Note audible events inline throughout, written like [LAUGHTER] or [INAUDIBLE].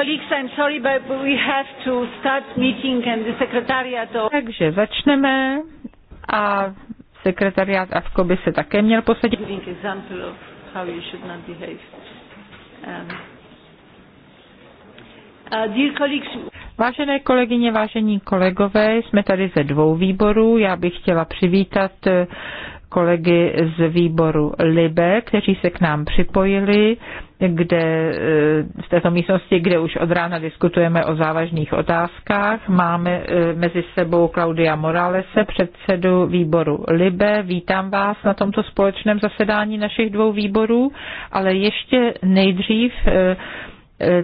Colleagues, I'm sorry, but we have to start meeting and the secretariat of... Takže začneme a sekretariát AFKO by se také měl posadit. Giving example of how you should not behave. Um, uh, Vážené kolegyně, vážení kolegové, jsme tady ze dvou výborů. Já bych chtěla přivítat eh, kolegy z výboru LIBE, kteří se k nám připojili, kde v eh, této místnosti, kde už od rána diskutujeme o závažných otázkách. Máme eh, mezi sebou Klaudia Moralese, předsedu výboru LIBE. Vítám vás na tomto společném zasedání našich dvou výborů, ale ještě nejdřív eh,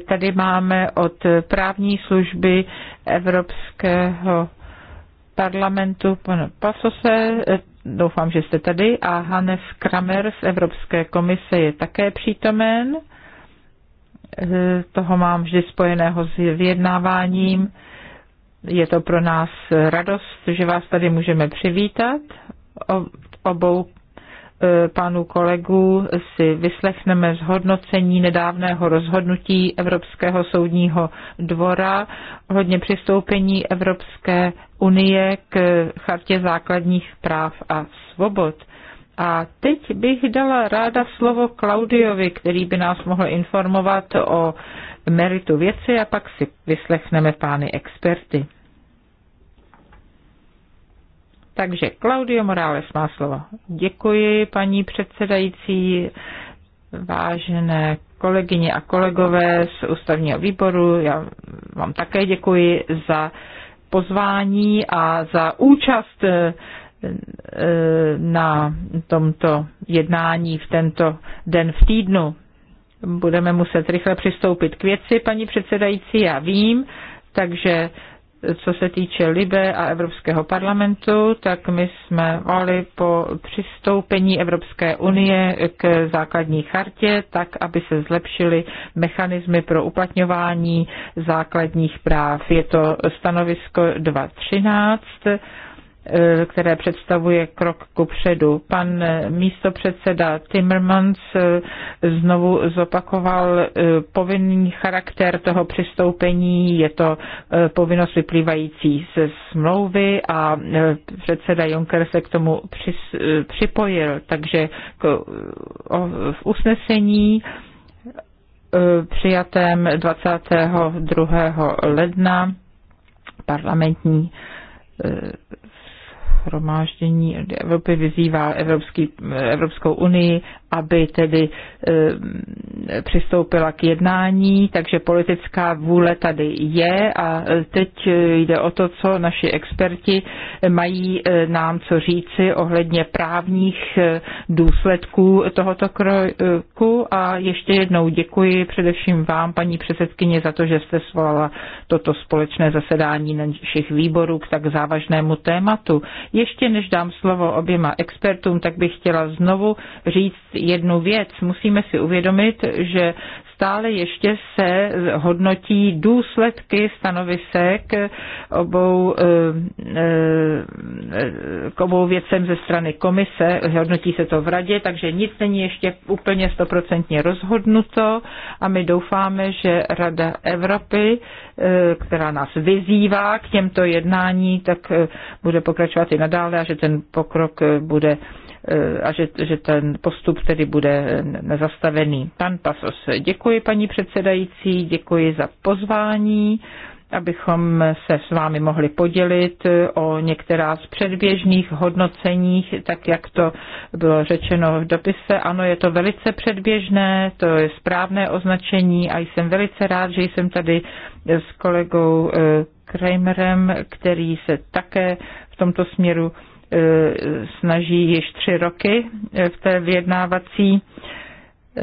tady máme od právní služby Evropského parlamentu pana Pasose, doufám, že jste tady, a Hannes Kramer z Evropské komise je také přítomen. E, toho mám vždy spojeného s vyjednáváním. Je to pro nás radost, že vás tady můžeme přivítat obou E, Panu kolegů si vyslechneme zhodnocení nedávného rozhodnutí Evropského soudního dvora hodně přistoupení Evropské unie k chartě základních práv a svobod. A teď bych dala ráda slovo Klaudiovi, který by nás mohl informovat o meritu věci a pak si vyslechneme pány experty. Takže Claudio Morales má slovo. Děkuji, paní předsedající, vážené kolegyně a kolegové z ústavního výboru. Já vám také děkuji za pozvání a za účast eh, eh, na tomto jednání v tento den v týdnu. Budeme muset rychle přistoupit k věci, paní předsedající, já vím, takže co se týče Libe a Evropského parlamentu, tak my jsme volali po přistoupení Evropské unie k základní chartě, tak aby se zlepšily mechanismy pro uplatňování základních práv. Je to stanovisko 213 E, které představuje krok ku předu. Pan e, místopředseda Timmermans e, znovu zopakoval povinný charakter toho přistoupení, je to povinnost vyplývající ze smlouvy a předseda Juncker se k tomu připojil. Takže v usnesení přijatém 22. ledna parlamentní schromáždění Evropy vyzývá Evropský, Evropskou unii, aby tedy e, přistoupila k jednání, takže politická vůle tady je a teď jde o to, co naši experti mají eh, nám co říci ohledně právních eh, důsledků tohoto kroku a ještě jednou děkuji především vám, paní předsedkyně, za to, že jste svolala toto společné zasedání našich výborů k tak závažnému tématu. Ještě než dám slovo oběma expertům, tak bych chtěla znovu říct jednu věc. Musíme si uvědomit, že stále ještě se hodnotí důsledky stanovisek obou, eh, eh, k obou věcem ze strany komise, hodnotí se to v radě, takže nic není ještě úplně stoprocentně rozhodnuto a my doufáme, že Rada Evropy, eh, která nás vyzývá k těmto jednání, tak bude pokračovat i nadále a že ten pokrok bude a že, že ten postup tedy bude nezastavený. Pan Pasos, děkuji paní předsedající, děkuji za pozvání abychom se s vámi mohli podělit o některá z předběžných hodnoceních, tak jak to bylo řečeno v dopise. Ano, je to velice předběžné, to je správné označení a jsem velice rád, že jsem tady s kolegou eh, Kramerem, který se také v tomto směru E, snaží již tři roky e, v té vyjednávací e,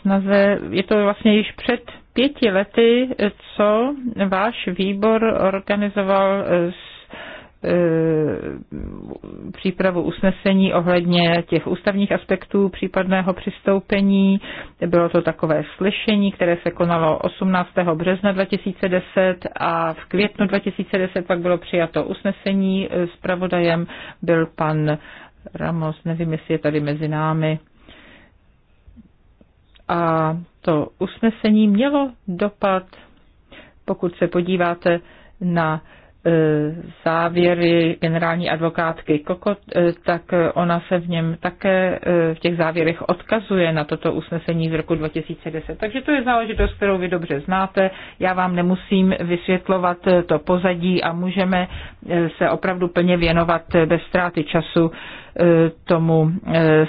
snaze. Je to vlastně již před pěti lety, co váš výbor organizoval Eh, přípravu usnesení ohledně těch ústavních aspektů případného přistoupení. Bylo to takové slyšení, které se konalo 18. března 2010 a v květnu 2010 pak bylo přijato usnesení. Spravodajem eh, byl pan Ramos, nevím, jestli je tady mezi námi. A to usnesení mělo dopad, pokud se podíváte na E, závěry generální advokátky Kokot, e, tak ona se v něm také e, v těch závěrech odkazuje na toto usnesení z roku 2010. Takže to je záležitost, kterou vy dobře znáte. Já vám nemusím vysvětlovat to pozadí a můžeme se opravdu plně věnovat bez ztráty času tomu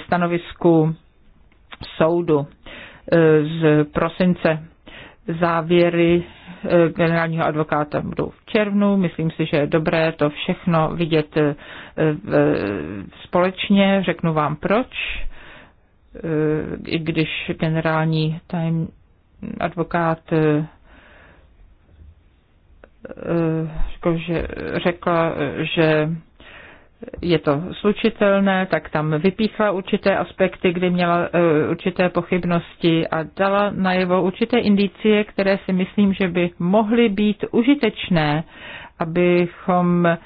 stanovisku soudu z prosince závěry eh, generálního advokáta budou v červnu. Myslím si, že je dobré to všechno vidět eh, společně. Řeknu vám proč. Eh, I když generální tajem, advokát řekl, že, řekla, že je to slučitelné, tak tam vypíchla určité aspekty, kdy měla eh, určité pochybnosti a dala najevo určité indicie, které si myslím, že by mohly být užitečné, abychom eh,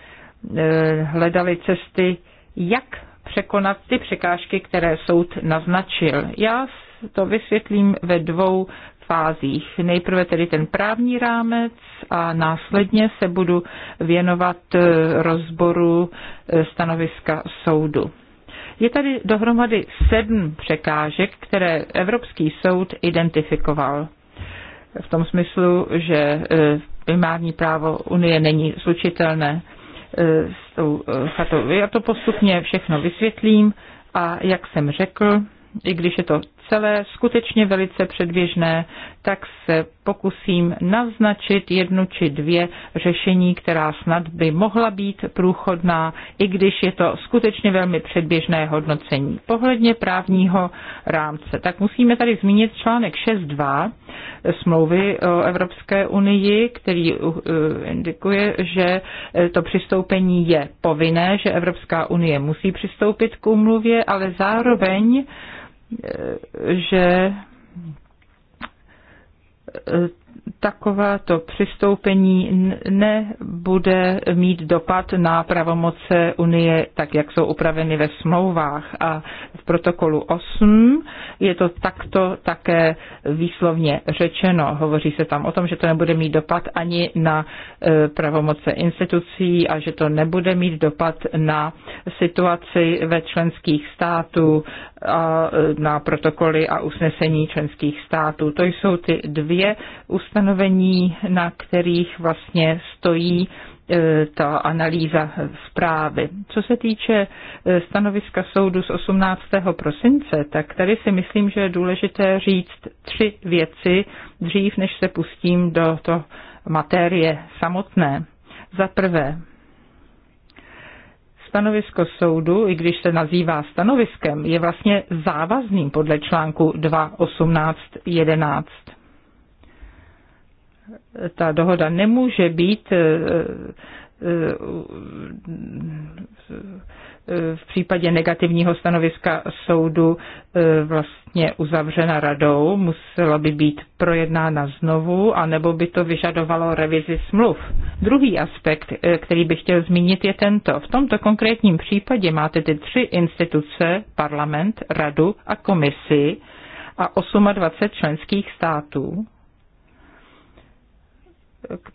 hledali cesty, jak překonat ty překážky, které soud naznačil. Já to vysvětlím ve dvou fázích. Nejprve tedy ten právní rámec a následně se budu věnovat eh, rozboru eh, stanoviska soudu. Je tady dohromady sedm překážek, které Evropský soud identifikoval. V tom smyslu, že eh, primární právo Unie není slučitelné s tou chatou. Já to postupně všechno vysvětlím a jak jsem řekl, i když je to celé skutečně velice předběžné, tak se pokusím naznačit jednu či dvě řešení, která snad by mohla být průchodná, i když je to skutečně velmi předběžné hodnocení. Pohledně právního rámce, tak musíme tady zmínit článek 6.2 smlouvy o Evropské unii, který eh, indikuje, že eh, to přistoupení je povinné, že Evropská unie musí přistoupit k úmluvě, ale zároveň že eh, takováto přistoupení nebude mít dopad na pravomoce Unie, tak jak jsou upraveny ve smlouvách a v protokolu 8. Je to takto také výslovně řečeno. Hovoří se tam o tom, že to nebude mít dopad ani na eh, pravomoce institucí a že to nebude mít dopad na situaci ve členských států a e, na protokoly a usnesení členských států. To jsou ty dvě ustanovení, na kterých vlastně stojí e, ta analýza zprávy. Co se týče e, stanoviska soudu z 18. prosince, tak tady si myslím, že je důležité říct tři věci dřív, než se pustím do to materie samotné. Za prvé, Stanovisko soudu, i když se nazývá stanoviskem, je vlastně závazným podle článku 2.18.11. Ta dohoda nemůže být eh, eh, v případě negativního stanoviska soudu e, vlastně uzavřena radou, musela by být projednána znovu, anebo by to vyžadovalo revizi smluv. Druhý aspekt, e, který bych chtěl zmínit, je tento. V tomto konkrétním případě máte ty tři instituce, parlament, radu a komisi a 28 členských států,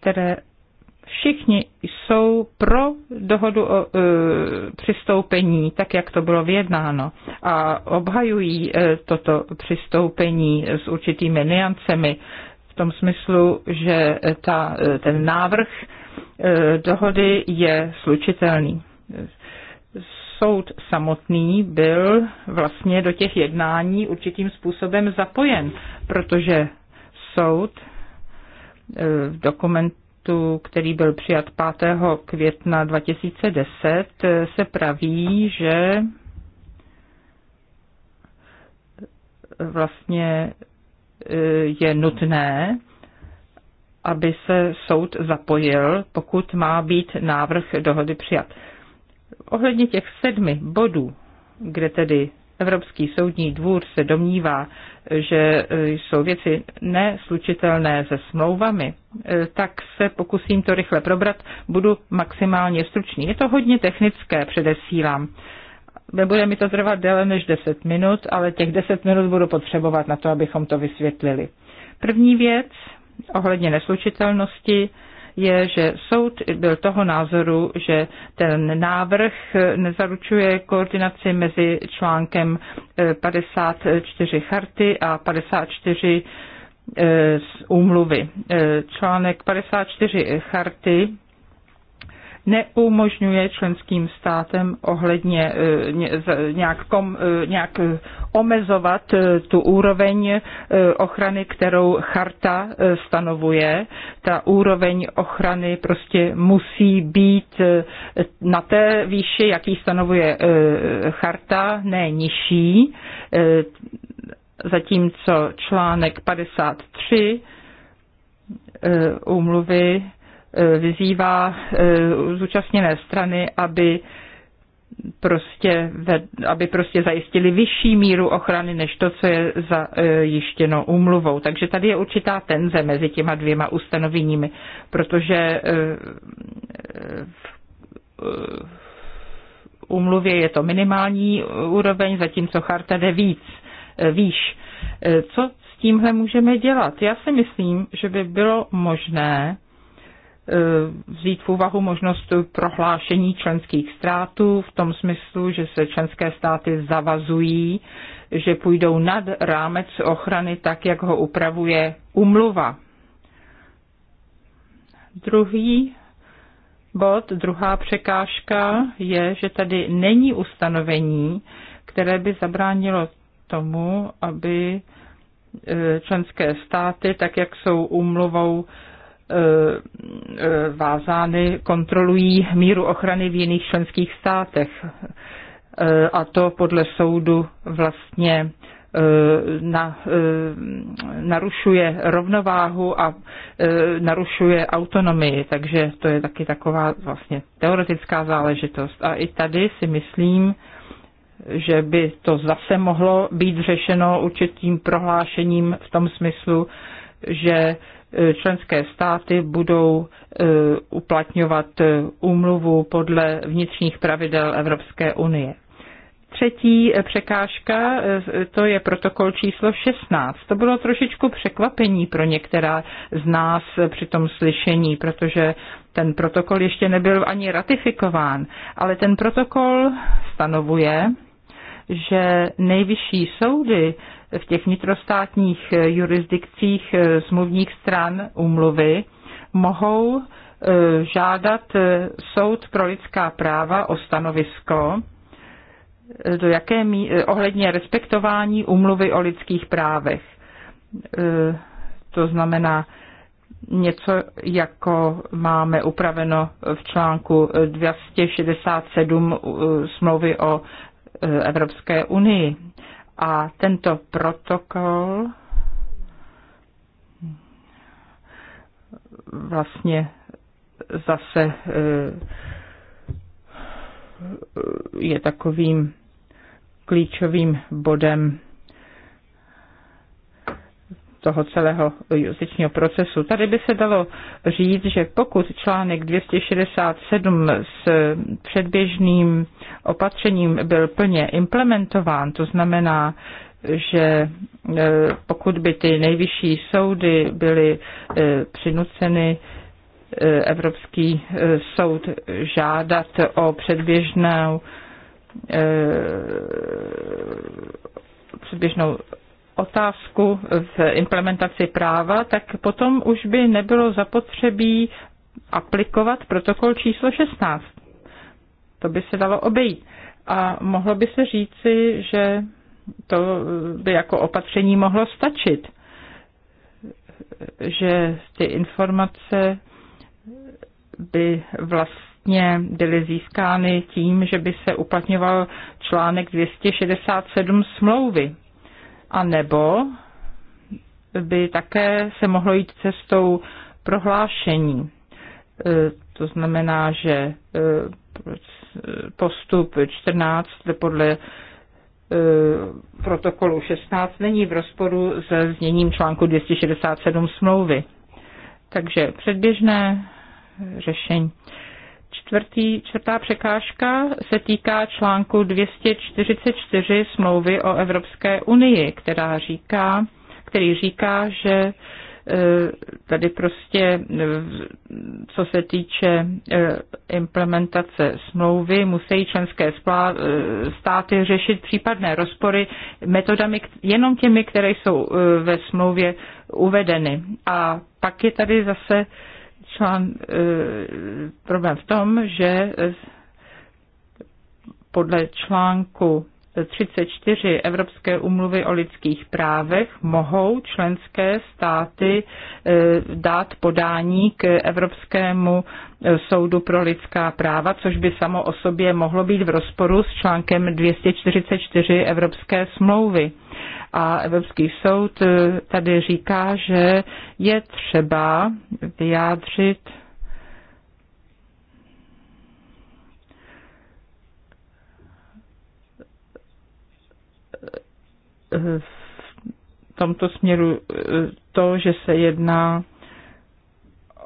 které všichni jsou pro dohodu o e, přistoupení, tak jak to bylo vyjednáno, a obhajují e, toto přistoupení s určitými niancemi v tom smyslu, že ta, e, ten návrh e, dohody je slučitelný. Soud samotný byl vlastně do těch jednání určitým způsobem zapojen, protože soud e, v dokument aktu, který byl přijat 5. května 2010, se praví, že vlastně e, je nutné, aby se soud zapojil, pokud má být návrh dohody přijat. Ohledně těch sedmi bodů, kde tedy Evropský soudní dvůr se domnívá, že e, jsou věci neslučitelné se smlouvami, e, tak se pokusím to rychle probrat, budu maximálně stručný. Je to hodně technické, předesílám. Nebude mi to trvat déle než 10 minut, ale těch 10 minut budu potřebovat na to, abychom to vysvětlili. První věc ohledně neslučitelnosti je, že soud byl toho názoru, že ten návrh nezaručuje koordinaci mezi článkem 54 eh, charty a 54 z eh, úmluvy. Eh, článek 54 charty neumožňuje členským státem ohledně e, nějak, kom, e, nějak omezovat e, tu úroveň ochrany, kterou charta stanovuje. Ta úroveň ochrany prostě musí být na té výši, jaký stanovuje charta, ne nižší, zatímco článek 53 úmluvy E, vyzývá e, zúčastněné strany, aby prostě, aby prostě zajistili vyšší míru ochrany než to, co je zajištěno úmluvou. Takže tady je určitá tenze mezi těma dvěma ustanoveními, protože e, v úmluvě je to minimální úroveň, zatímco charta jde víc, výš. Co s tímhle můžeme dělat? Já si myslím, že by bylo možné Eh, vzít v úvahu možnost prohlášení členských států v tom smyslu, že se členské státy zavazují, že půjdou nad rámec ochrany tak, jak ho upravuje umluva. Druhý bod, druhá překážka je, že tady není ustanovení, které by zabránilo tomu, aby eh, členské státy, tak jak jsou umluvou Eh, vázány kontrolují míru ochrany v jiných členských státech. Eh, a to podle soudu vlastně eh, na, narušuje rovnováhu a narušuje autonomii, takže to je taky taková vlastně teoretická záležitost. A i tady si myslím, že by to zase mohlo být řešeno určitým prohlášením v tom smyslu, že členské státy budou e, uplatňovat e, úmluvu podle vnitřních pravidel Evropské unie. Třetí e, překážka, to je protokol číslo 16. To bylo trošičku překvapení pro některá z nás při tom slyšení, protože ten protokol ještě nebyl ani ratifikován, ale ten protokol stanovuje, že nejvyšší soudy v těch vnitrostátních eh, jurisdikcích eh, smluvních stran úmluvy mohou eh, žádat soud pro lidská práva o stanovisko do jaké mí- ohledně respektování úmluvy o lidských právech. To znamená něco, jako máme upraveno v článku 267 smlouvy o Evropské unii. A tento protokol vlastně zase eh, je takovým klíčovým bodem toho celého justičního procesu. Tady by se dalo říct, že pokud článek 267 s předběžným opatřením byl plně implementován, to znamená, že e, pokud by ty nejvyšší soudy byly e, přinuceny e, Evropský soud žádat o předběžnou předběžnou otázku v implementaci práva, tak potom už by nebylo zapotřebí aplikovat protokol číslo 16. To by se dalo obejít. A mohlo by se říci, že to by jako opatření mohlo stačit, že ty informace by vlastně byly získány tím, že by se uplatňoval článek 267 smlouvy. A nebo by také se mohlo jít cestou prohlášení. E, to znamená, že e, postup 14 podle e, protokolu 16 není v rozporu se zněním článku 267 smlouvy. Takže předběžné řešení. Čtvrtý, čtvrtá překážka se týká článku 244 smlouvy o Evropské unii, která říká, který říká, že e, tady prostě, e, co se týče e, implementace smlouvy, musí členské státy řešit případné rozpory metodami jenom těmi, které jsou ve smlouvě uvedeny. A pak je tady zase člán, e, problém v tom, že podle článku 34 Evropské umluvy o lidských právech mohou členské státy e, dát podání k Evropskému e, soudu pro lidská práva, což by samo o sobě mohlo být v rozporu s článkem 244 Evropské smlouvy. A Evropský soud e, tady říká, že je třeba vyjádřit v tomto směru eh, to, že se jedná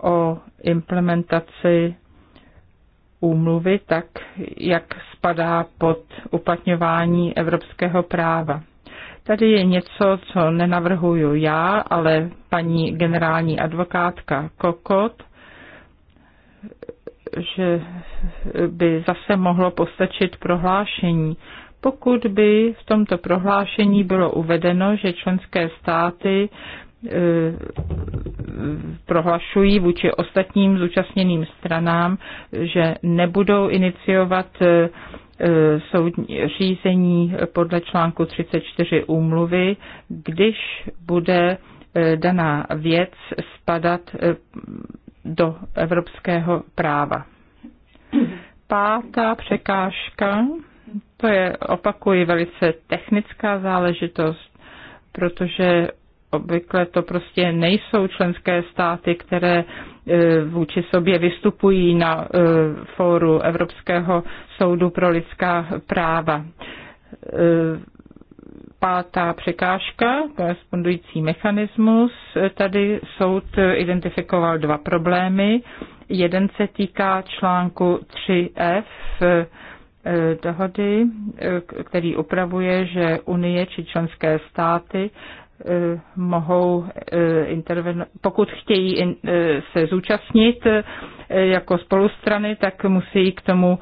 o implementaci úmluvy tak, jak spadá pod uplatňování evropského práva. Tady je něco, co nenavrhuju já, ale paní generální advokátka Kokot, že by zase mohlo postačit prohlášení pokud by v tomto prohlášení bylo uvedeno, že členské státy e, prohlašují vůči ostatním zúčastněným stranám, že nebudou iniciovat e, e, soudní řízení podle článku 34 úmluvy, když bude daná věc spadat do evropského práva. Pátá překážka to je, opakuji, velice technická záležitost, protože obvykle to prostě nejsou členské státy, které e, vůči sobě vystupují na e, fóru Evropského soudu pro lidská práva. E, pátá překážka, korespondující mechanismus, tady soud identifikoval dva problémy. Jeden se týká článku 3F Eh, dohody, eh, který upravuje, že Unie či členské státy eh, mohou intervenovat, pokud chtějí se zúčastnit jako spolustrany, tak musí k tomu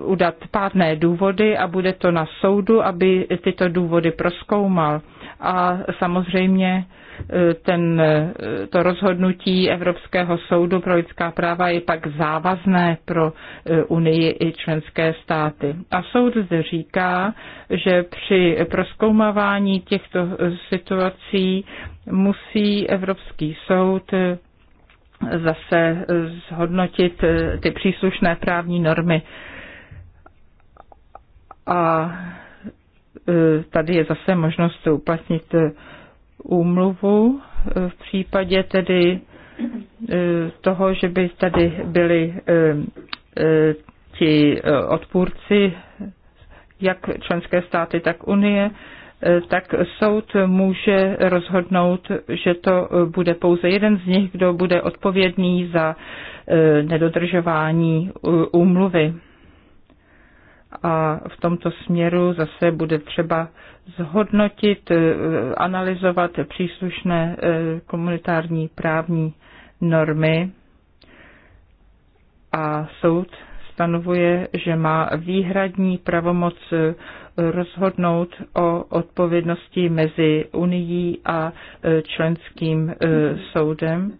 udat pádné důvody a bude to na soudu, aby tyto důvody proskoumal. A samozřejmě ten, to rozhodnutí Evropského soudu pro lidská práva je pak závazné pro eh, Unii i členské státy. A soud zde říká, že při proskoumávání těchto eh, situací musí Evropský soud eh, zase zhodnotit ty příslušné právní normy. A tady je zase možnost uplatnit úmluvu v případě tedy eh, toho, že by tady byli eh, eh, ti odpůrci, jak členské státy, tak Unie, tak soud může rozhodnout, že to bude pouze jeden z nich, kdo bude odpovědný za nedodržování úmluvy a v tomto směru zase bude třeba zhodnotit, e, analyzovat příslušné e, komunitární právní normy a soud stanovuje, že má výhradní pravomoc e, rozhodnout o odpovědnosti mezi Unií a členským soudem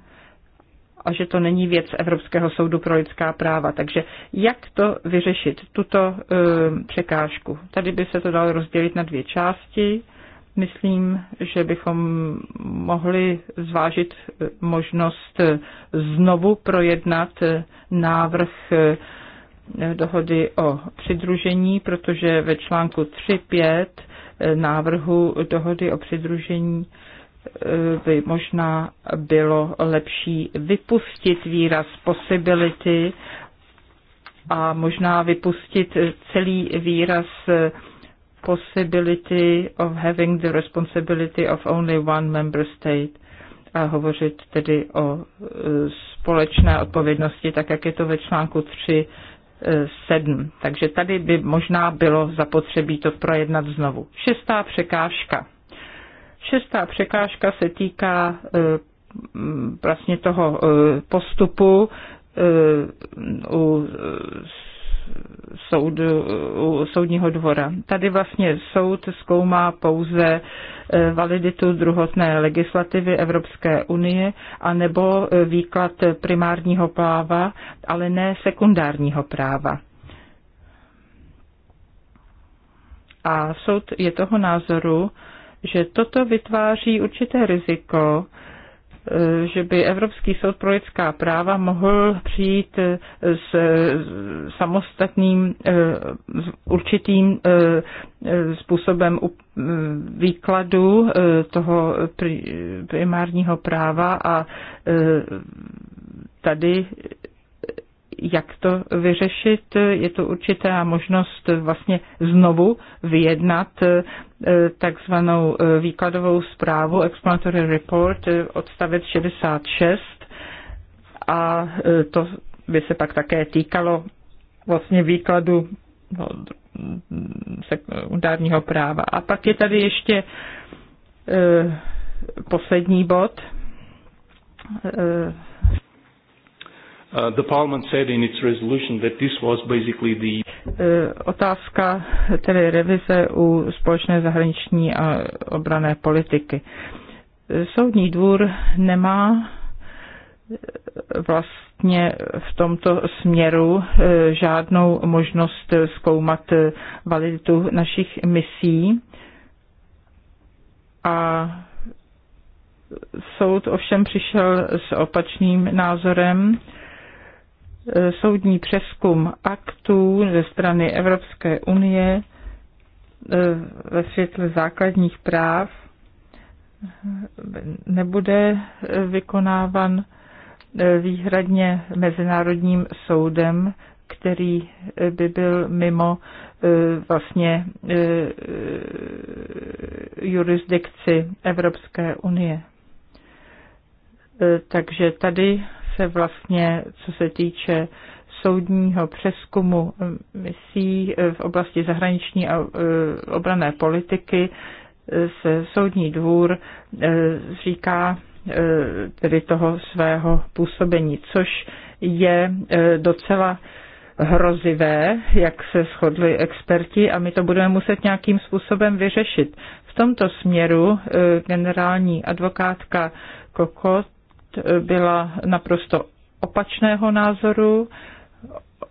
a že to není věc Evropského soudu pro lidská práva. Takže jak to vyřešit, tuto eh, překážku? Tady by se to dalo rozdělit na dvě části. Myslím, že bychom mohli zvážit eh, možnost eh, znovu projednat návrh dohody o přidružení, protože ve článku 3.5 návrhu dohody o přidružení by možná bylo lepší vypustit výraz possibility a možná vypustit celý výraz possibility of having the responsibility of only one member state a hovořit tedy o e, společné odpovědnosti, tak jak je to ve článku 3 7. E, Takže tady by možná bylo zapotřebí to projednat znovu. Šestá překážka. Šestá překážka se týká eh, vlastně toho eh, postupu eh, u soudu, u soudního dvora. Tady vlastně soud zkoumá pouze validitu druhotné legislativy Evropské unie a nebo výklad primárního práva, ale ne sekundárního práva. A soud je toho názoru, že toto vytváří určité riziko, eh, že by Evropský soud pro lidská práva mohl přijít eh, s samostatným eh, s určitým způsobem výkladu toho primárního práva a tady jak to vyřešit. Je to určitá možnost vlastně znovu vyjednat eh, takzvanou eh, výkladovou zprávu, explanatory report, eh, odstavec 66 a to by se pak také týkalo vlastně výkladu no, mm, sekundárního práva. A pak je tady ještě poslední bod, Uh, the parliament said in its resolution that this was basically the eh, Otázka tedy revize u společné zahraniční a obrané politiky. Eh, soudní dvůr nemá eh, vlastně v tomto směru žádnou možnost zkoumat validitu našich misí. A soud ovšem přišel s opačným názorem, Eh, soudní přeskum aktů ze strany Evropské unie eh, ve světle základních práv nebude eh, vykonávan výhradně Mezinárodním soudem, který by byl mimo vlastně jurisdikci Evropské unie. Takže tady se vlastně, co se týče soudního přeskumu eh, misí eh, v oblasti zahraniční a eh, obrané politiky, se soudní dvůr říká tedy toho svého působení, což je docela hrozivé, jak se shodli experti a my to budeme muset nějakým způsobem vyřešit. V tomto směru generální advokátka Kokot byla naprosto opačného názoru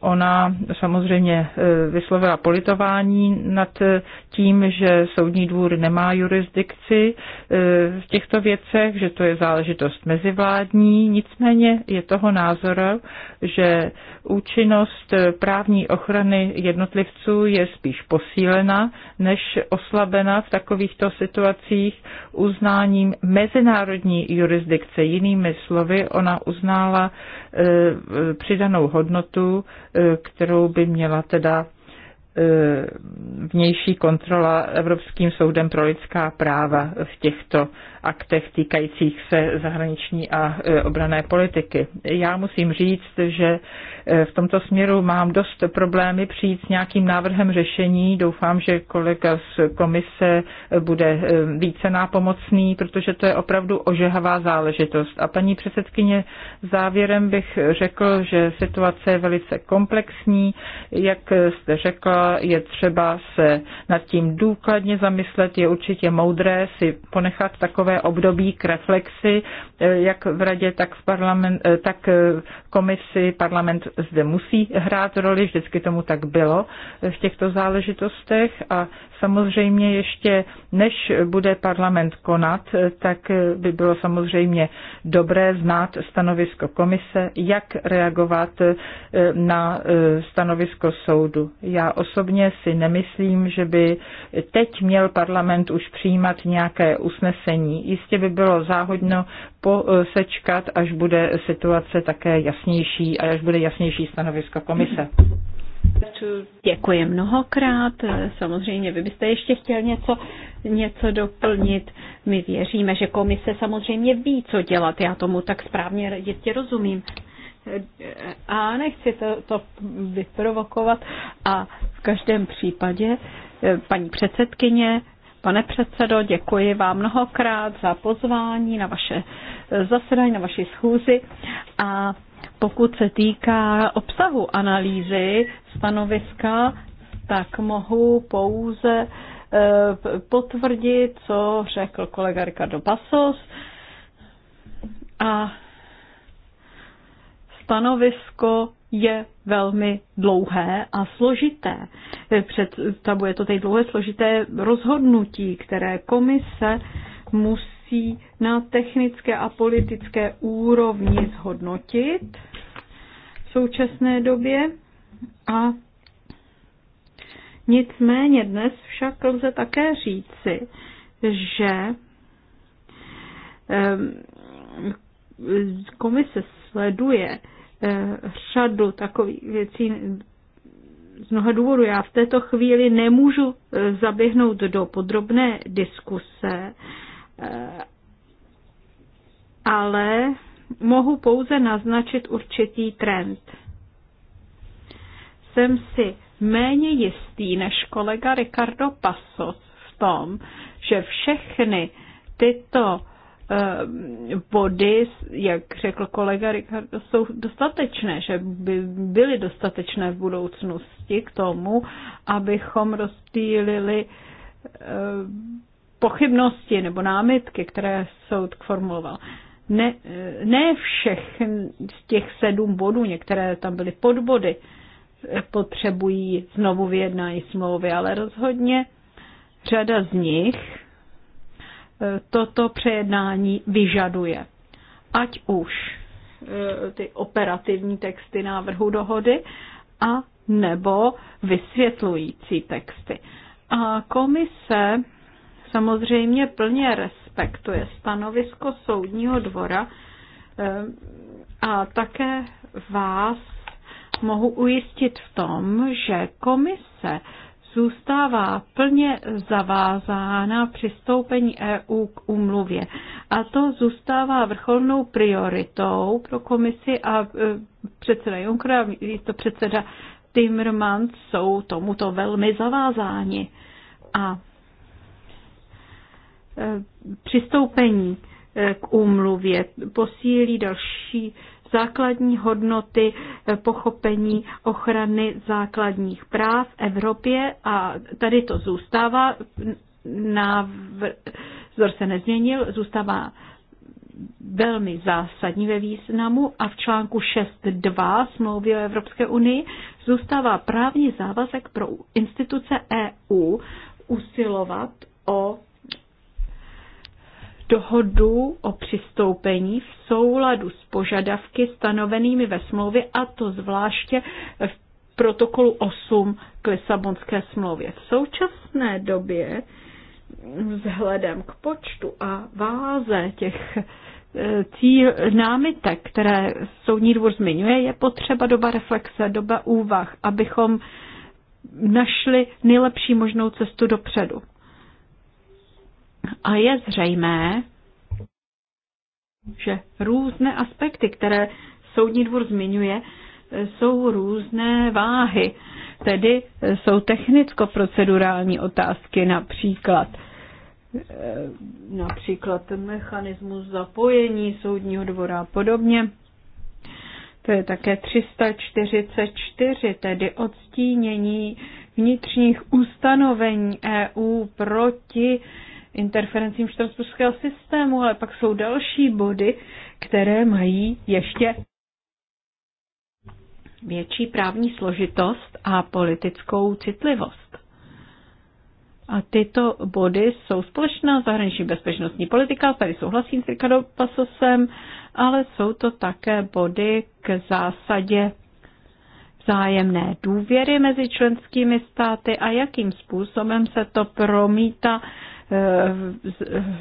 Ona samozřejmě e, vyslovila politování nad e, tím, že Soudní dvůr nemá jurisdikci e, v těchto věcech, že to je záležitost mezivládní, nicméně je toho názoru, že účinnost právní ochrany jednotlivců je spíš posílena než oslabena v takovýchto situacích uznáním mezinárodní jurisdikce. Jinými slovy, ona uznala přidanou hodnotu Eh, kterou by měla teda Eh, vnější kontrola Evropským soudem pro lidská práva v těchto aktech týkajících se zahraniční a eh, obrané politiky. Já musím říct, že eh, v tomto směru mám dost problémy přijít s nějakým návrhem řešení. Doufám, že kolega z komise bude více nápomocný, protože to je opravdu ožehavá záležitost. A paní předsedkyně, závěrem bych řekl, že situace je velice komplexní. Jak jste řekla, je třeba se nad tím důkladně zamyslet. Je určitě moudré si ponechat takové období k reflexi, eh, jak v radě, tak v parlament, eh, tak eh, komisi. Parlament zde musí hrát roli, vždycky tomu tak bylo v těchto záležitostech a samozřejmě ještě než bude parlament konat, tak by bylo samozřejmě dobré znát stanovisko komise, jak reagovat na stanovisko soudu. Já osobně si nemyslím, že by teď měl parlament už přijímat nějaké usnesení. Jistě by bylo záhodno posečkat, až bude situace také jasnější a až bude jasnější stanovisko komise. Děkuji mnohokrát. Samozřejmě vy byste ještě chtěl něco, něco doplnit. My věříme, že komise samozřejmě ví, co dělat. Já tomu tak správně jistě rozumím a nechci to, to vyprovokovat a v každém případě eh, paní předsedkyně, pane předsedo, děkuji vám mnohokrát za pozvání na vaše eh, zasedání, na vaši schůzi a pokud se týká obsahu analýzy stanoviska, tak mohu pouze eh, potvrdit, co řekl kolega Ricardo Pasos. A stanovisko je velmi dlouhé a složité. Představuje to tady dlouhé složité rozhodnutí, které komise musí na technické a politické úrovni zhodnotit v současné době a Nicméně dnes však lze také říci, že ehm, komise sleduje Eh, řadu takových věcí z mnoha důvodů. Já v této chvíli nemůžu eh, zaběhnout do podrobné diskuse, eh, ale mohu pouze naznačit určitý trend. Jsem si méně jistý než kolega Ricardo Passos v tom, že všechny tyto Eh, body, jak řekl kolega Ricardo, jsou dostatečné, že by byly dostatečné v budoucnosti k tomu, abychom rozptýlili eh, pochybnosti nebo námitky, které soud formuloval. Ne, eh, ne všech z těch sedm bodů, některé tam byly podbody, potřebují znovu vyjednání smlouvy, ale rozhodně řada z nich toto přejednání vyžaduje. Ať už eh, ty operativní texty návrhu dohody a nebo vysvětlující texty. A komise samozřejmě plně respektuje stanovisko soudního dvora eh, a také vás mohu ujistit v tom, že komise zůstává plně zavázána přistoupení EU k úmluvě. A to zůstává vrcholnou prioritou pro komisi a e, předseda Juncker a to předseda Timmermans jsou tomuto velmi zavázáni. A e, přistoupení e, k úmluvě posílí další základní hodnoty Eh, pochopení ochrany základních práv v Evropě a tady to zůstává, vzor se nezměnil, zůstává velmi zásadní ve významu a v článku 6.2 smlouvy o Evropské unii zůstává právní závazek pro instituce EU usilovat o dohodu o přistoupení v souladu s požadavky stanovenými ve smlouvě, a to zvláště v protokolu 8 k Lisabonské smlouvě. V současné době vzhledem k počtu a váze těch e, cíl námitek, které Soudní dvůr zmiňuje, je potřeba doba reflexe, doba úvah, abychom našli nejlepší možnou cestu dopředu. A je zřejmé, že různé aspekty, které Soudní dvůr zmiňuje, jsou různé váhy. Tedy jsou technicko-procedurální otázky, například eh, například mechanismus zapojení soudního dvora a podobně. To je také 344, tedy odstínění vnitřních ustanovení EU proti eh, interferencím štrasburského systému, ale pak jsou další body, které mají ještě větší právní složitost a politickou citlivost. A tyto body jsou společná zahraniční bezpečnostní politika, tady souhlasím s Ricardo Pasosem, ale jsou to také body k zásadě vzájemné důvěry mezi členskými státy a jakým způsobem se to promítá Eh,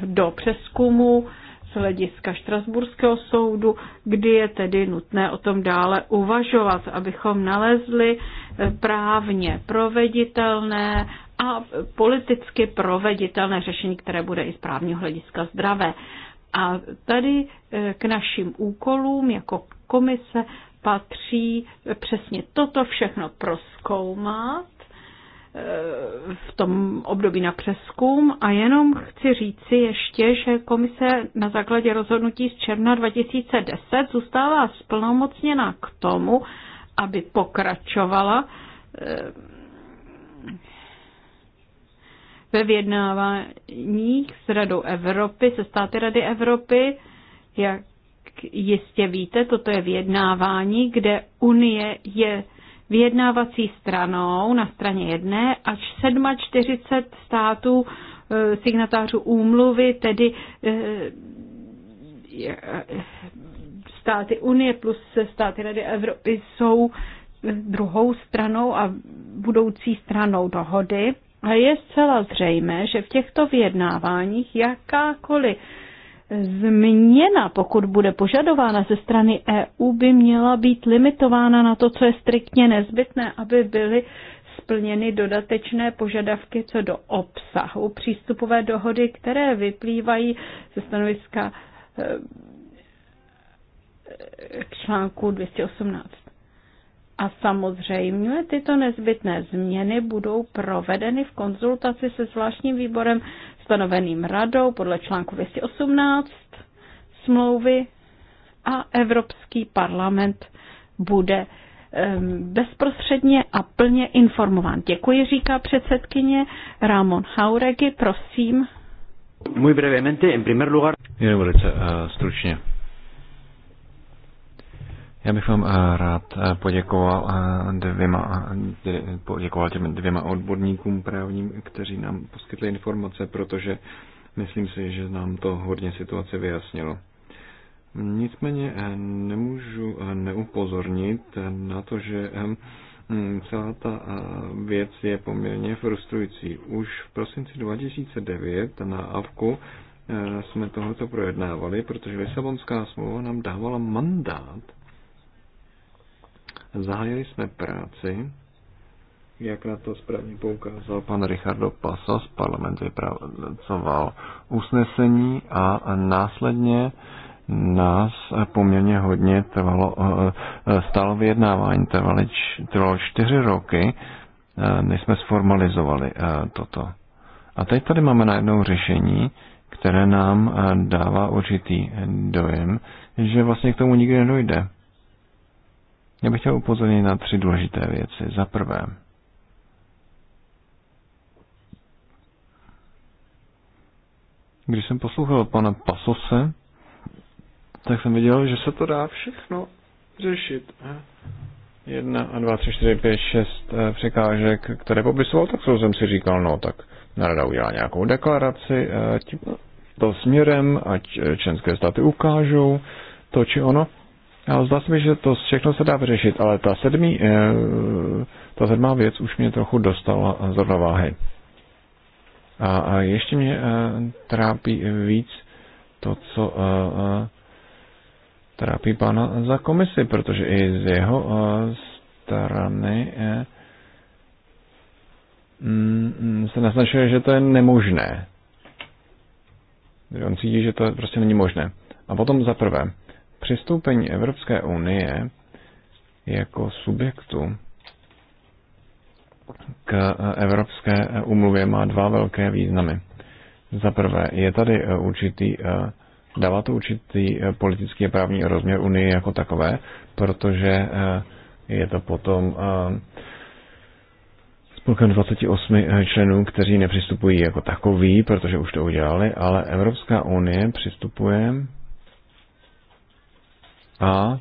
do přeskumu z hlediska Štrasburského soudu, kdy je tedy nutné o tom dále uvažovat, abychom nalezli eh, právně proveditelné a politicky proveditelné řešení, které bude i z právního hlediska zdravé. A tady eh, k našim úkolům jako komise patří přesně toto všechno proskoumat v tom období na přeskum a jenom chci říci ještě, že komise na základě rozhodnutí z června 2010 zůstává splnomocněna k tomu, aby pokračovala eh, ve vyjednáváních s Radou Evropy, se státy Rady Evropy, jak jistě víte, toto je vyjednávání, kde Unie je vyjednávací stranou na straně jedné až 47 států eh, signatářů úmluvy, tedy eh, eh, státy Unie plus státy Rady Evropy jsou druhou stranou a budoucí stranou dohody. A je zcela zřejmé, že v těchto vyjednáváních jakákoliv změna, pokud bude požadována ze strany EU, by měla být limitována na to, co je striktně nezbytné, aby byly splněny dodatečné požadavky co do obsahu přístupové dohody, které vyplývají ze stanoviska eh, k článku 218. A samozřejmě tyto nezbytné změny budou provedeny v konzultaci se zvláštním výborem stanoveným radou podle článku 218 smlouvy a Evropský parlament bude bezprostředně a plně informován. Děkuji, říká předsedkyně Ramon Hauregi, prosím. Muy brevemente, en primer lugar... Jenom velice uh, stručně. Já bych vám eh, rád eh, poděkoval eh, dvěma, poděkoval těm dvěma odborníkům právním, kteří nám poskytli informace, protože myslím si, že nám to hodně situace vyjasnilo. Nicméně nemůžu neupozornit na to, že ehm, hm, celá ta věc je poměrně frustrující. Už v prosinci 2009 na AVKu jsme tohoto projednávali, protože Lisabonská smlouva nám dávala mandát Zahájili jsme práci, jak na to správně poukázal pan Richardo Pasos, parlament vypracoval usnesení a následně nás poměrně hodně trvalo, eh, eh, stalo vyjednávání, trvalo, trvalo čtyři roky, eh, než jsme sformalizovali toto. A teď tady máme najednou řešení, které nám dává určitý dojem, že vlastně k tomu nikdy nedojde. Já bych chtěl upozornit na tři důležité věci. Za prvé, když jsem poslouchal pana Pasose, tak jsem viděl, že se to dá všechno řešit. Jedna a dva, tři, čtyři, pět, šest eh, překážek, které popisoval, tak jsem si říkal, no tak narada udělá nějakou deklaraci, eh, tím to směrem, ať eh, členské státy ukážou to či ono. Ale zdá se mi, že to všechno se dá vyřešit, ale ta, sedmý, eh, ta sedmá věc už mě trochu dostala z rovnováhy. A, a ještě mě eh, trápí víc to, co eh, trápí pana za komisi, protože i z jeho strany mm, mm, se naznačuje, že to je nemožné. On cítí, že to prostě není možné. A potom za prvé, přistoupení Evropské unie jako subjektu k Evropské umluvě má dva velké významy. Za prvé, je tady eh, určitý, eh, dává to určitý eh, politický a právní rozměr Unie jako takové, protože je to potom spolkem 28 členů, kteří nepřistupují jako takový, protože už to udělali, ale Evropská unie přistupuje a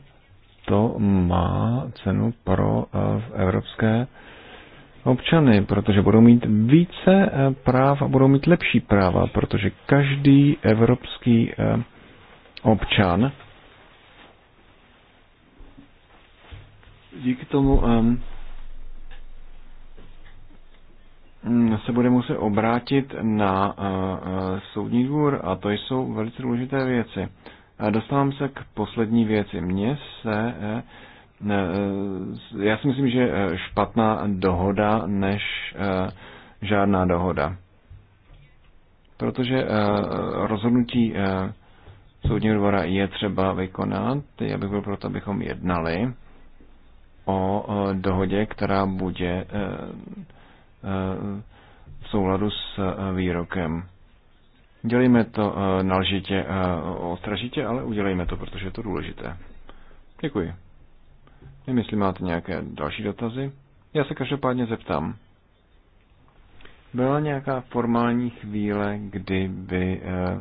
to má cenu pro eh, evropské občany, protože budou mít více eh, práv a budou mít lepší práva, protože každý evropský eh, občan díky tomu se bude muset obrátit na soudní dvůr a to jsou velice důležité věci. Dostávám se k poslední věci. Mně se eh, eh, já si myslím, že eh, špatná dohoda než žádná dohoda. Protože rozhodnutí soudního dvora je třeba vykonat. Já bych byl proto, abychom jednali o dohodě, která bude v souladu s výrokem. Dělejme to eh, nalžitě, eh, ostražitě, ale udělejme to, protože je to důležité. Děkuji. Nevím, jestli máte nějaké další dotazy. Já se každopádně zeptám. Byla nějaká formální chvíle, kdy by eh,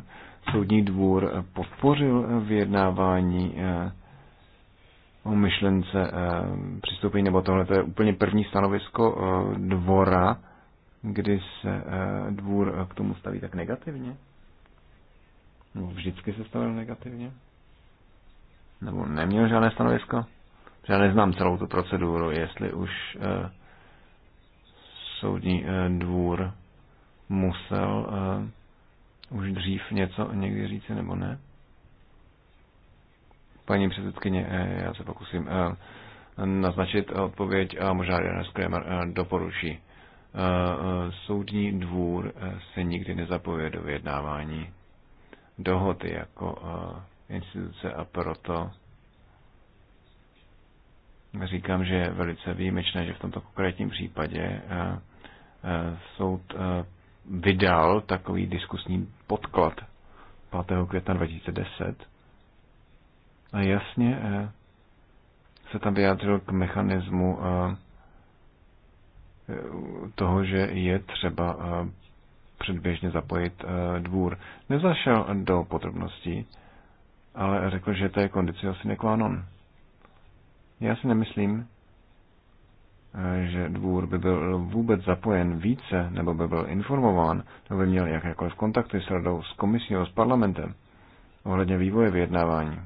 soudní dvůr podpořil vyjednávání o myšlence přistoupení, nebo tohle to je úplně první stanovisko dvora, kdy se dvůr k tomu staví tak negativně? Nebo vždycky se stavil negativně? Nebo neměl žádné stanovisko? Já neznám celou tu proceduru, jestli už e, soudní e, dvůr musel e, už dřív něco někdy říci nebo ne. Paní předsedkyně, e, já se pokusím e, naznačit odpověď a možná Janes Kramer e, doporučí. e, soudní dvůr se nikdy nezapověd do vyjednávání Dohody jako eh, instituce a proto říkám, že je velice výjimečné, že v tomto konkrétním případě eh, eh, soud vydal takový diskusní podklad 5. května 2010 a jasně se tam vyjádřil k mechanismu toho, že je třeba předběžně zapojit eh, dvůr. Nezašel do podrobností, ale řekl, že to je kondice sine qua non. Já si nemyslím, eh, že dvůr by byl vůbec zapojen více, nebo by byl informován, nebo by měl jakékoliv kontakty s radou, s komisí nebo s parlamentem ohledně vývoje vyjednávání.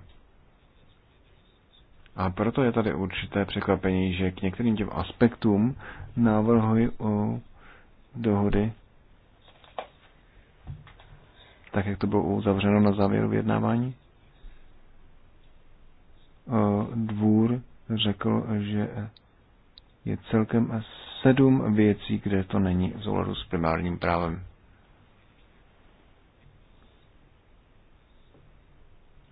A proto je tady určité překvapení, že k některým těm aspektům návrhu o dohody tak jak to bylo uzavřeno na závěru vyjednávání? Dvůr řekl, že je celkem sedm věcí, kde to není v souladu s primárním právem.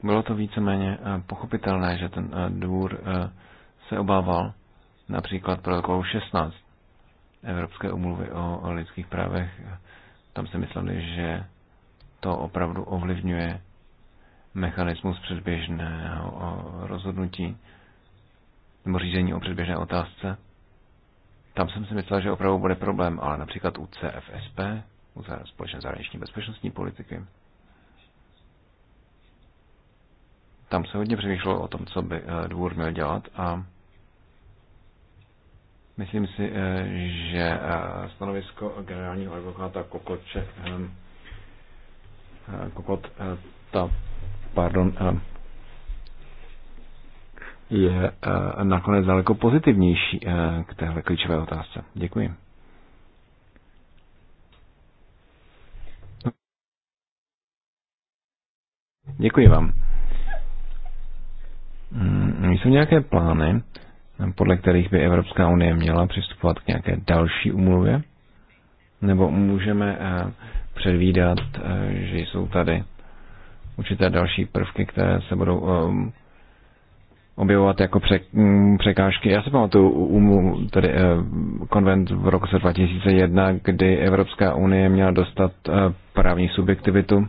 Bylo to víceméně eh, pochopitelné, že ten eh, dvůr eh, se obával například protokolu 16 Evropské umluvy o lidských právech. Tam se mysleli, že to opravdu ovlivňuje mechanismus předběžného rozhodnutí nebo řízení o předběžné otázce. Tam jsem si myslel, že opravdu bude problém, ale například u CFSP, u společné zahraniční bezpečnostní politiky, tam se hodně přemýšlelo o tom, co by e, dvůr měl dělat a myslím si, e, že e, stanovisko generálního advokáta Kokoče Eh, kokot, eh, ta, pardon, eh, je nakonec daleko pozitivnější k téhle klíčové otázce. Děkuji. Děkuji vám. Hmm, jsou nějaké plány, podle kterých by Evropská unie měla přistupovat k nějaké další umluvě? Nebo můžeme předvídat, eh, že jsou tady určité další prvky, které se budou um, objevovat jako mm, překážky. Já si pamatuju umu, tedy eh, konvent v roce 2001, kdy Evropská unie měla dostat právní subjektivitu.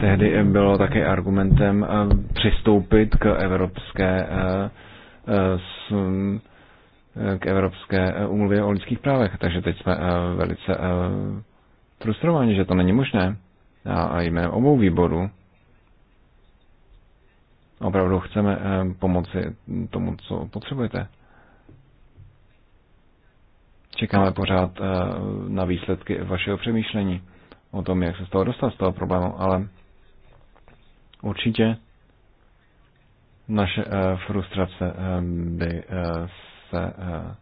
Tehdy bylo také argumentem přistoupit k evropské s, k Evropské eh, úmluvě o lidských právech. Takže teď jsme eh, velice eh, frustrováni, že to není možné. A jménem obou výborů opravdu chceme pomoci tomu, co potřebujete. Čekáme pořád na výsledky vašeho přemýšlení o tom, jak se z toho dostat, z toho problému, ale určitě naše frustrace by se eh,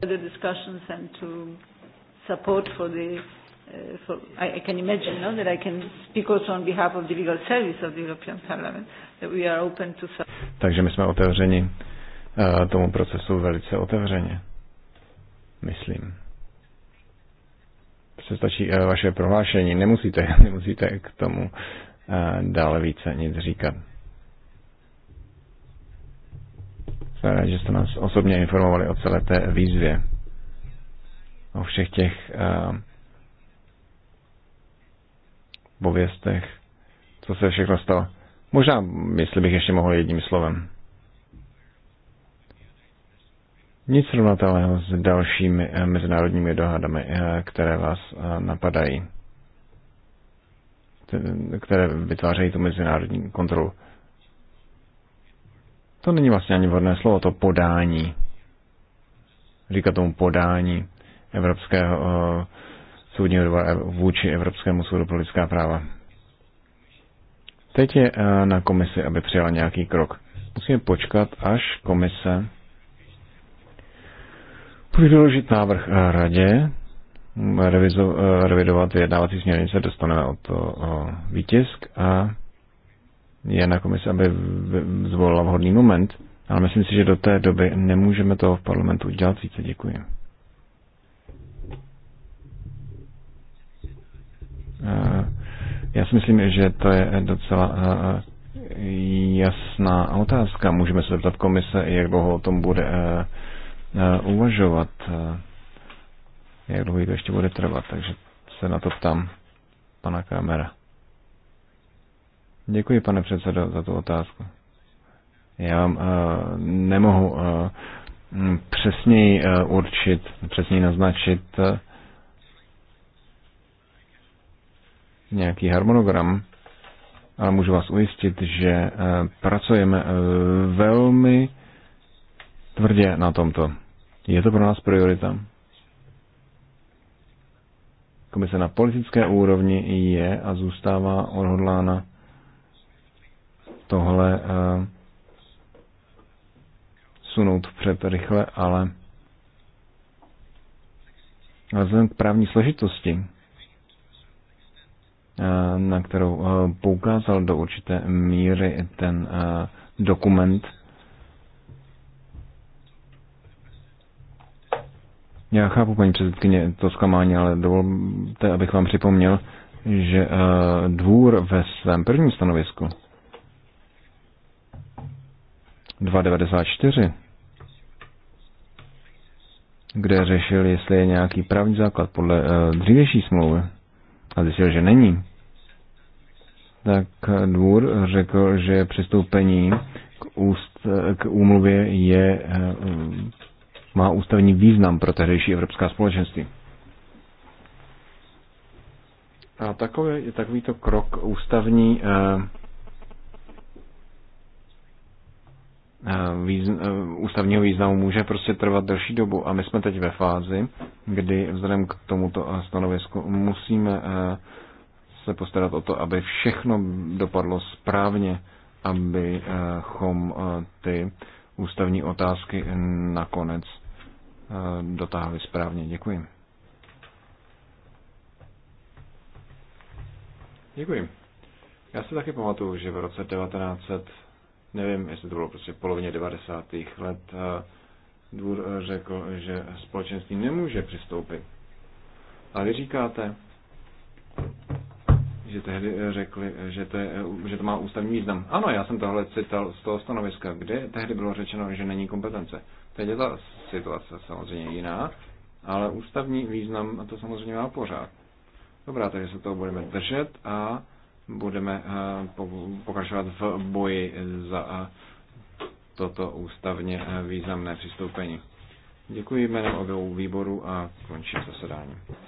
the discussions and to support for the eh, for, I, can imagine no, that I can speak also on behalf of the legal service of the European Parliament that we are open to Takže my jsme otevřeni uh, tomu procesu velice otevřeně. Myslím. stačí uh, vaše prohlášení, nemusíte, [LAUGHS] nemusíte k tomu uh, dále více nic říkat. že jste nás osobně informovali o celé té výzvě, o všech těch uh, pověstech, co se všechno stalo. Možná, jestli bych ještě mohl jedním slovem. Nic srovnatelného s dalšími eh, mezinárodními dohadami, eh, které vás napadají, které vytvářejí tu mezinárodní kontrolu. To není vlastně ani vhodné slovo, to podání. Říká tomu podání Evropského uh, eh, soudního dvora eh, vůči Evropskému soudu pro lidská práva. Teď je uh, na komisi, aby přijala nějaký krok. Musíme počkat, až komise bude doložit návrh radě, revizo, revidovat vyjednávací směrnice, dostaneme od to výtisk a je na komisi, aby zvolila vhodný moment, ale myslím si, že do té doby nemůžeme toho v parlamentu udělat více. Děkuji. Eh, já si myslím, že to je docela eh, jasná otázka. Můžeme se zeptat komise, jak dlouho o tom bude eh, uvažovat, jak dlouho to ještě bude trvat. Takže se na to ptám pana kamera. Děkuji, pane předsedo, za tu otázku. Já vám uh, eh, nemohu uh, přesněji uh, určit, přesněji naznačit uh, nějaký harmonogram, ale můžu vás ujistit, že uh, pracujeme uh, velmi tvrdě na tomto. Je to pro nás priorita? Komise na politické úrovni je a zůstává odhodlána tohle eh, sunout vpřed rychle, ale vzhledem k právní složitosti, eh, na kterou eh, poukázal do určité míry ten dokument, Já chápu, paní předsedkyně, to zklamání, ale dovolte, abych vám připomněl, že dvůr ve svém prvním stanovisku 294, kde řešil, jestli je nějaký právní základ podle uh, dřívější smlouvy a zjistil, že není, tak eh, dvůr řekl, že přistoupení k, úst, eh, k úmluvě je, má ústavní význam pro tehdejší evropská společenství. A takový takovýto krok ústavní Eh, eh, ústavního významu může prostě trvat delší dobu. A my jsme teď ve fázi, kdy vzhledem k tomuto eh, stanovisku musíme se postarat o to, aby všechno dopadlo správně, abychom ty ústavní otázky nakonec dotáhli správně. Děkuji. Děkuji. Já si taky pamatuju, že v roce 1900 nevím, jestli to bylo prostě v polovině 90. let, dvůr eh, řekl, že společenství nemůže přistoupit. A vy říkáte, že tehdy eh, řekli, eh, že to, je, že to má ústavní význam. Ano, já jsem tohle cital z toho stanoviska, kde tehdy bylo řečeno, že není kompetence. Teď je ta situace samozřejmě jiná, ale ústavní význam to samozřejmě má pořád. Dobrá, takže se toho budeme držet a budeme eh, pokračovat v boji za eh, toto ústavně eh, významné přistoupení. Děkuji jménem obou výboru a končím zasedání.